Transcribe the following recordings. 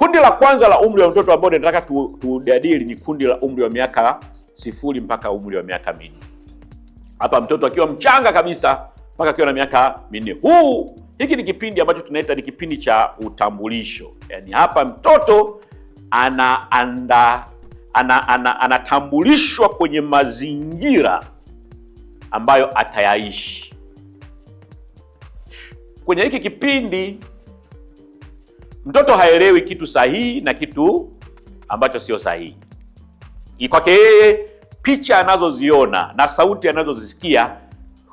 Kundi la kwanza la umri wa mtoto ambao nataka tujadili ni kundi la umri wa miaka sifuri mpaka umri wa miaka minne. Hapa mtoto akiwa mchanga kabisa mpaka akiwa na miaka minne. Huu hiki ni kipindi ambacho tunaita ni kipindi cha utambulisho, yaani hapa mtoto ana anda ana anatambulishwa ana, anatambulishwa kwenye mazingira ambayo atayaishi. Kwenye hiki kipindi Mtoto haelewi kitu sahihi na kitu ambacho sio sahihi. Kwake yeye picha anazoziona na sauti anazozisikia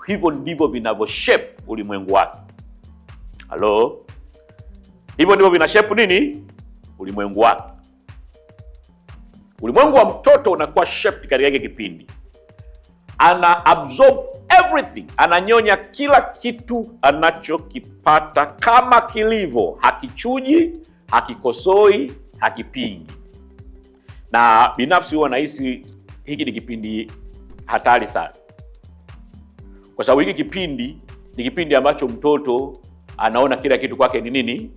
hivyo ndivyo shape ulimwengu wake. Halo, hivyo ndivyo shape nini ulimwengu wake. Ulimwengu wa mtoto unakuwa shape katika kile kipindi, ana absorb everything, ananyonya kila kitu anachokipata kama kilivyo, hakichuji, hakikosoi, hakipingi. Na binafsi huwa nahisi hiki ni kipindi hatari sana, kwa sababu hiki kipindi ni kipindi ambacho mtoto anaona kila kitu kwake ni nini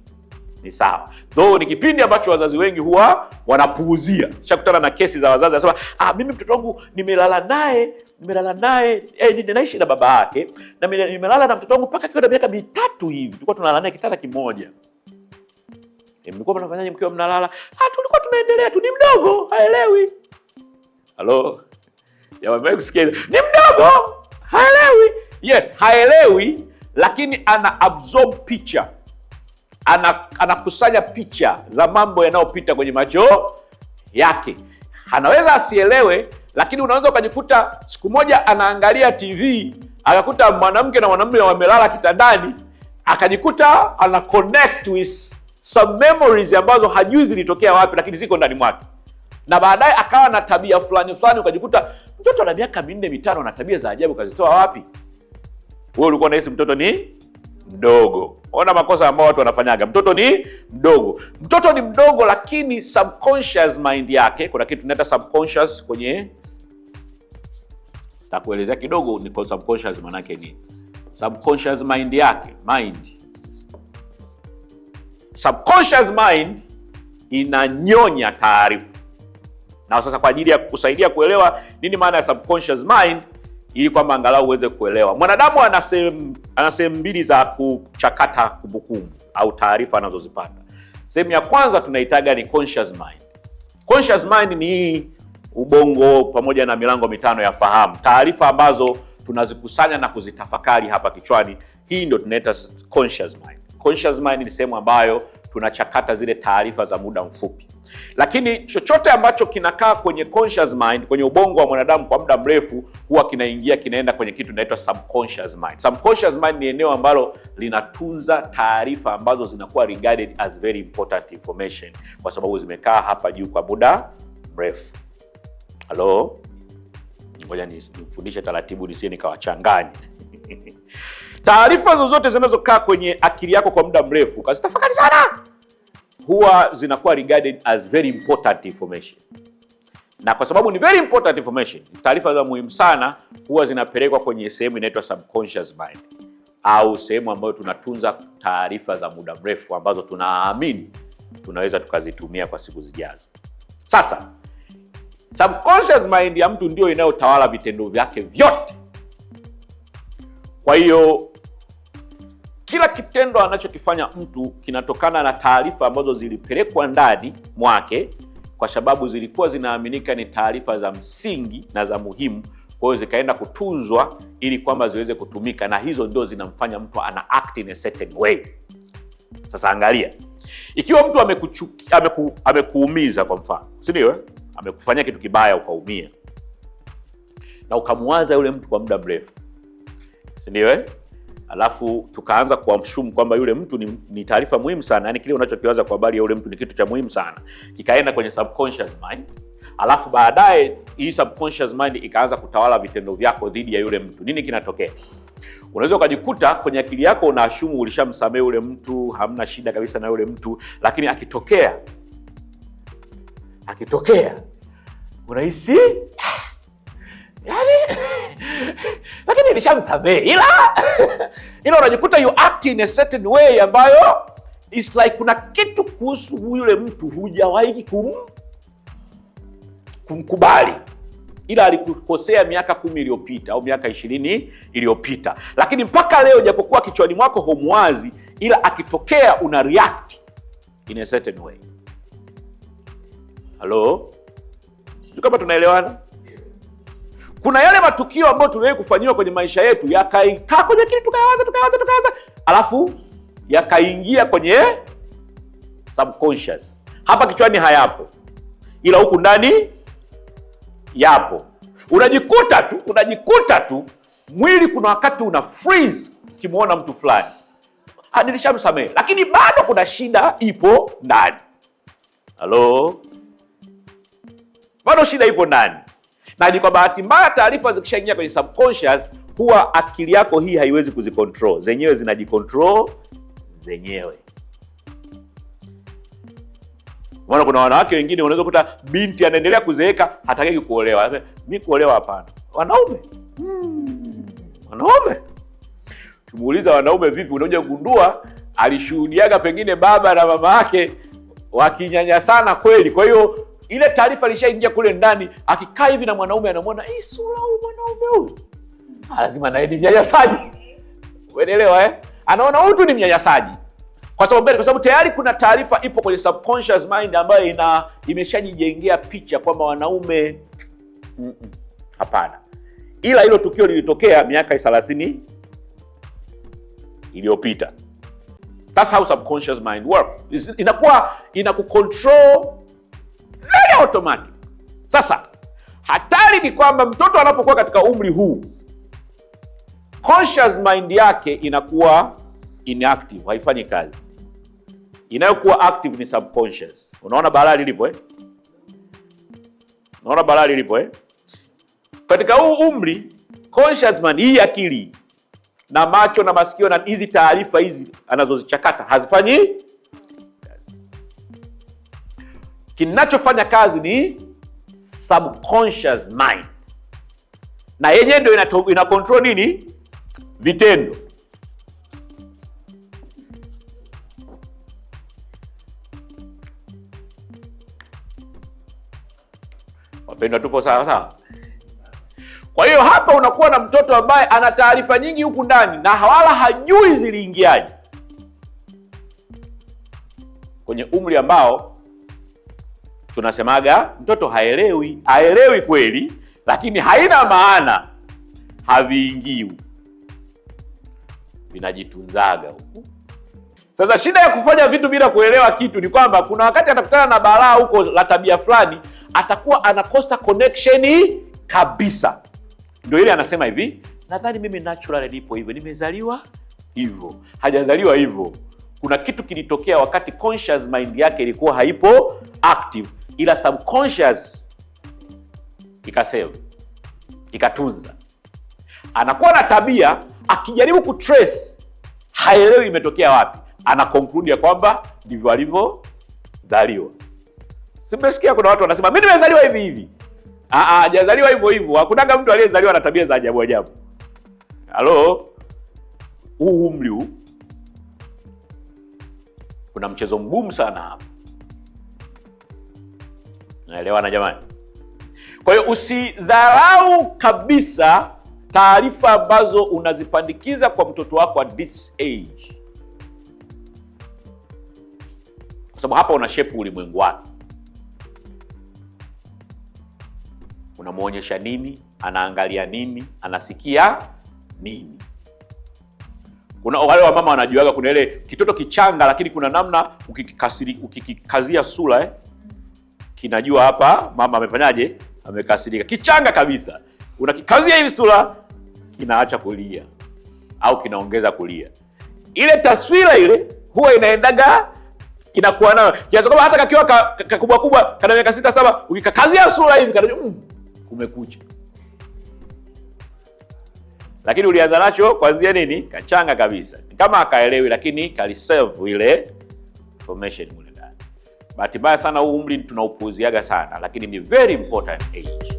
ni sawa. Though ni kipindi ambacho wazazi wengi huwa wanapuuzia. Shakutana na kesi za wazazi anasema, ah, mimi mtoto wangu nimelala naye, nimelala naye eh, ninaishi na baba yake na nimelala na mtoto wangu mpaka akiwa na miaka mitatu hivi. Tulikuwa tunalala naye kitanda kimoja. E, mlikuwa mnafanyaje mkiwa mnalala? Ah, tulikuwa tunaendelea tu, ni mdogo, haelewi. Halo. Ya wamewahi kusikia ni mdogo, haelewi. Yes, haelewi lakini ana absorb picture anakusanya ana picha za mambo yanayopita kwenye macho yake. Anaweza asielewe, lakini unaweza ukajikuta siku moja anaangalia TV akakuta mwanamke na mwanamume wamelala kitandani, akajikuta ana connect with some memories ambazo hajui zilitokea wapi, lakini ziko ndani mwake, na baadaye akawa na tabia fulani fulani. Ukajikuta mtoto ana miaka minne mitano na tabia za ajabu, kazitoa wapi? Wewe ulikuwa unahisi mtoto ni mdogo. Ona makosa ambayo watu wanafanyaga. Mtoto ni mdogo, mtoto ni mdogo, lakini subconscious mind yake, kuna kitu tunaita subconscious kwenye, takuelezea kidogo ni subconscious maana yake Subconscious mind yake, mind, subconscious mind inanyonya taarifa. Na sasa kwa ajili ya kukusaidia kuelewa nini maana ya subconscious mind, ili kwamba angalau uweze kuelewa. Mwanadamu ana sehemu mbili za kuchakata kumbukumbu au taarifa anazozipata. Sehemu ya kwanza tunaitaga ni conscious mind. Conscious mind ni hii ubongo pamoja na milango mitano ya fahamu, taarifa ambazo tunazikusanya na kuzitafakari hapa kichwani. Hii ndio tunaita conscious mind. Conscious mind ni sehemu ambayo tunachakata zile taarifa za muda mfupi. Lakini chochote ambacho kinakaa kwenye conscious mind, kwenye ubongo wa mwanadamu kwa muda mrefu, huwa kinaingia kinaenda kwenye kitu inaitwa subconscious mind. Subconscious mind ni eneo ambalo linatunza taarifa ambazo zinakuwa regarded as very important information, kwa sababu zimekaa hapa juu kwa muda mrefu. Halo, ngoja nifundishe taratibu, nisie nikawachanganya taarifa zozote zinazokaa kwenye akili yako kwa muda mrefu, kazitafakari sana huwa zinakuwa regarded as very important information, na kwa sababu ni very important information, taarifa za muhimu sana huwa zinapelekwa kwenye sehemu inaitwa subconscious mind au sehemu ambayo tunatunza taarifa za muda mrefu ambazo tunaamini tunaweza tukazitumia kwa siku zijazo. Sasa subconscious mind ya mtu ndio inayotawala vitendo vyake vyote. Kwa hiyo kila kitendo anachokifanya mtu kinatokana na taarifa ambazo zilipelekwa ndani mwake, kwa sababu zilikuwa zinaaminika ni taarifa za msingi na za muhimu, kwa hiyo zikaenda kutunzwa ili kwamba ziweze kutumika, na hizo ndio zinamfanya mtu ana act in a certain way. Sasa angalia, ikiwa mtu amekuchukia, ameku, amekuumiza kwa mfano, si ndio? Eh? Amekufanyia kitu kibaya ukaumia na ukamwaza yule mtu kwa muda mrefu, si ndio? Eh? alafu tukaanza kuamshumu kwamba yule mtu ni, ni taarifa muhimu sana, yani kile unachokiwaza kwa habari ya yule mtu ni kitu cha muhimu sana, kikaenda kwenye subconscious mind alafu baadaye hii subconscious mind ikaanza kutawala vitendo vyako dhidi ya yule mtu. Nini kinatokea? Unaweza ukajikuta kwenye akili yako unaashumu ulishamsamehe yule mtu, hamna shida kabisa na yule mtu, lakini akitokea akitokea unahisi yani lakini nilishamsamehe, ila ila unajikuta you act in a certain way ambayo it's like kuna kitu kuhusu yule mtu hujawahi kum kumkubali ila alikukosea miaka kumi iliyopita au miaka ishirini iliyopita, lakini mpaka leo, japokuwa kichwani mwako homwazi, ila akitokea una react in a certain way. Halo, sijui kama tunaelewana kuna yale matukio ambayo tuliwahi kufanyiwa kwenye maisha yetu yakaikaa kwenye akili, tukayawaza tukayawaza tukayawaza, alafu yakaingia kwenye subconscious. Hapa kichwani hayapo, ila huku ndani yapo. Unajikuta tu unajikuta tu mwili, kuna wakati una freeze ukimwona mtu fulani, ah, nilishamsamehe, lakini bado kuna shida ipo ndani. Halo, bado shida ipo ndani na ni kwa bahati mbaya, taarifa zikishaingia kwenye subconscious, huwa akili yako hii haiwezi kuzicontrol zenyewe, zinajicontrol zenyewe. Maana kuna wanawake wengine unaweza kukuta binti anaendelea kuzeeka, hataki kuolewa. Mi kuolewa hapana, wanaume hmm. wanaume Tumuuliza wanaume vipi, unakuja kugundua alishuhudiaga pengine baba na mama yake sana kweli. Kwa hiyo ile taarifa ilishaingia kule ndani. Akikaa hivi na mwanaume anamwona hii sura, huyu mwanaume huyu ah, lazima naye ni mnyanyasaji, unaelewa eh? Anaona huyu tu ni mnyanyasaji kwa sababu mbele, kwa sababu tayari kuna taarifa ipo kwenye subconscious mind ambayo ina imeshajijengea picha kwamba wanaume hapana. mm -mm, Ila hilo tukio lilitokea miaka thelathini iliyopita. That's how subconscious mind work. Inakuwa inakucontrol very automatic. Sasa hatari ni kwamba mtoto anapokuwa katika umri huu conscious mind yake inakuwa inactive, haifanyi kazi. Inayokuwa active ni subconscious. Unaona balaa lilipo eh? Unaona balaa lilipo eh? Katika huu umri conscious mind, hii akili na macho na masikio na hizi taarifa hizi anazozichakata hazifanyi kinachofanya kazi ni subconscious mind, na yenye ndio ina control nini? Vitendo. Wapendwa, tupo sawa sawa? Kwa hiyo hapa unakuwa na mtoto ambaye ana taarifa nyingi huku ndani na wala hajui ziliingiaje kwenye umri ambao tunasemaga mtoto haelewi. Haelewi kweli, lakini haina maana haviingiwi, vinajitunzaga huku. Sasa shida ya kufanya vitu bila kuelewa kitu ni kwamba kuna wakati atakutana na balaa huko la tabia fulani, atakuwa anakosa connection kabisa. Ndio ile anasema hivi, nadhani mimi naturally nipo hivyo, nimezaliwa hivyo. Hajazaliwa hivyo, kuna kitu kilitokea wakati conscious mind yake ilikuwa haipo active ila subconscious ikasema ikatunza. Anakuwa na tabia, akijaribu kutrace haelewi imetokea wapi, ana conclude ya kwamba ndivyo alivyozaliwa. Simesikia kuna watu wanasema mimi nimezaliwa hivi hivi. Ah, ah hajazaliwa hivyo hivyo. Hakunaga mtu aliyezaliwa na tabia za ajabu ajabu. Halo, huu umri huu kuna mchezo mgumu sana hapa. Naelewana jamani? Kwa hiyo usidharau kabisa taarifa ambazo unazipandikiza kwa mtoto wako at this age, kwa sababu hapa unashepu ulimwengu wake. Unamwonyesha nini, anaangalia nini, anasikia nini. Kuna wale wa mama wanajuaga, kuna ile kitoto kichanga, lakini kuna namna ukikikazia sura eh? kinajua hapa mama amefanyaje, amekasirika. Kichanga kabisa, unakikazia hivi sura, kinaacha kulia au kinaongeza kulia. Ile taswira ile huwa inaendaga inakuwa nayo kiasi kwamba hata kakiwa kakubwa ka, kubwa kana miaka sita saba, ukikakazia sura hivi kana mm, kumekucha. Lakini ulianza nacho kwanzia nini? Kachanga kabisa, kama akaelewi, lakini kaliserve ile information mule. Bahati mbaya sana huu umri tunaupuuziaga sana, lakini ni very important age.